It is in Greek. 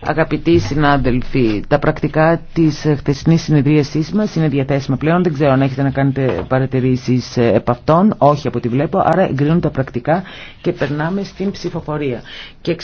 Αγαπητοί συνάδελφοι, τα πρακτικά τη χθεσινή συνεδρίασή μα είναι διαθέσιμα πλέον. Δεν ξέρω αν έχετε να κάνετε παρατηρήσει ε, επ' αυτών. Όχι από ό,τι βλέπω. Άρα εγκρίνουν τα πρακτικά και περνάμε στην ψηφοφορία. Και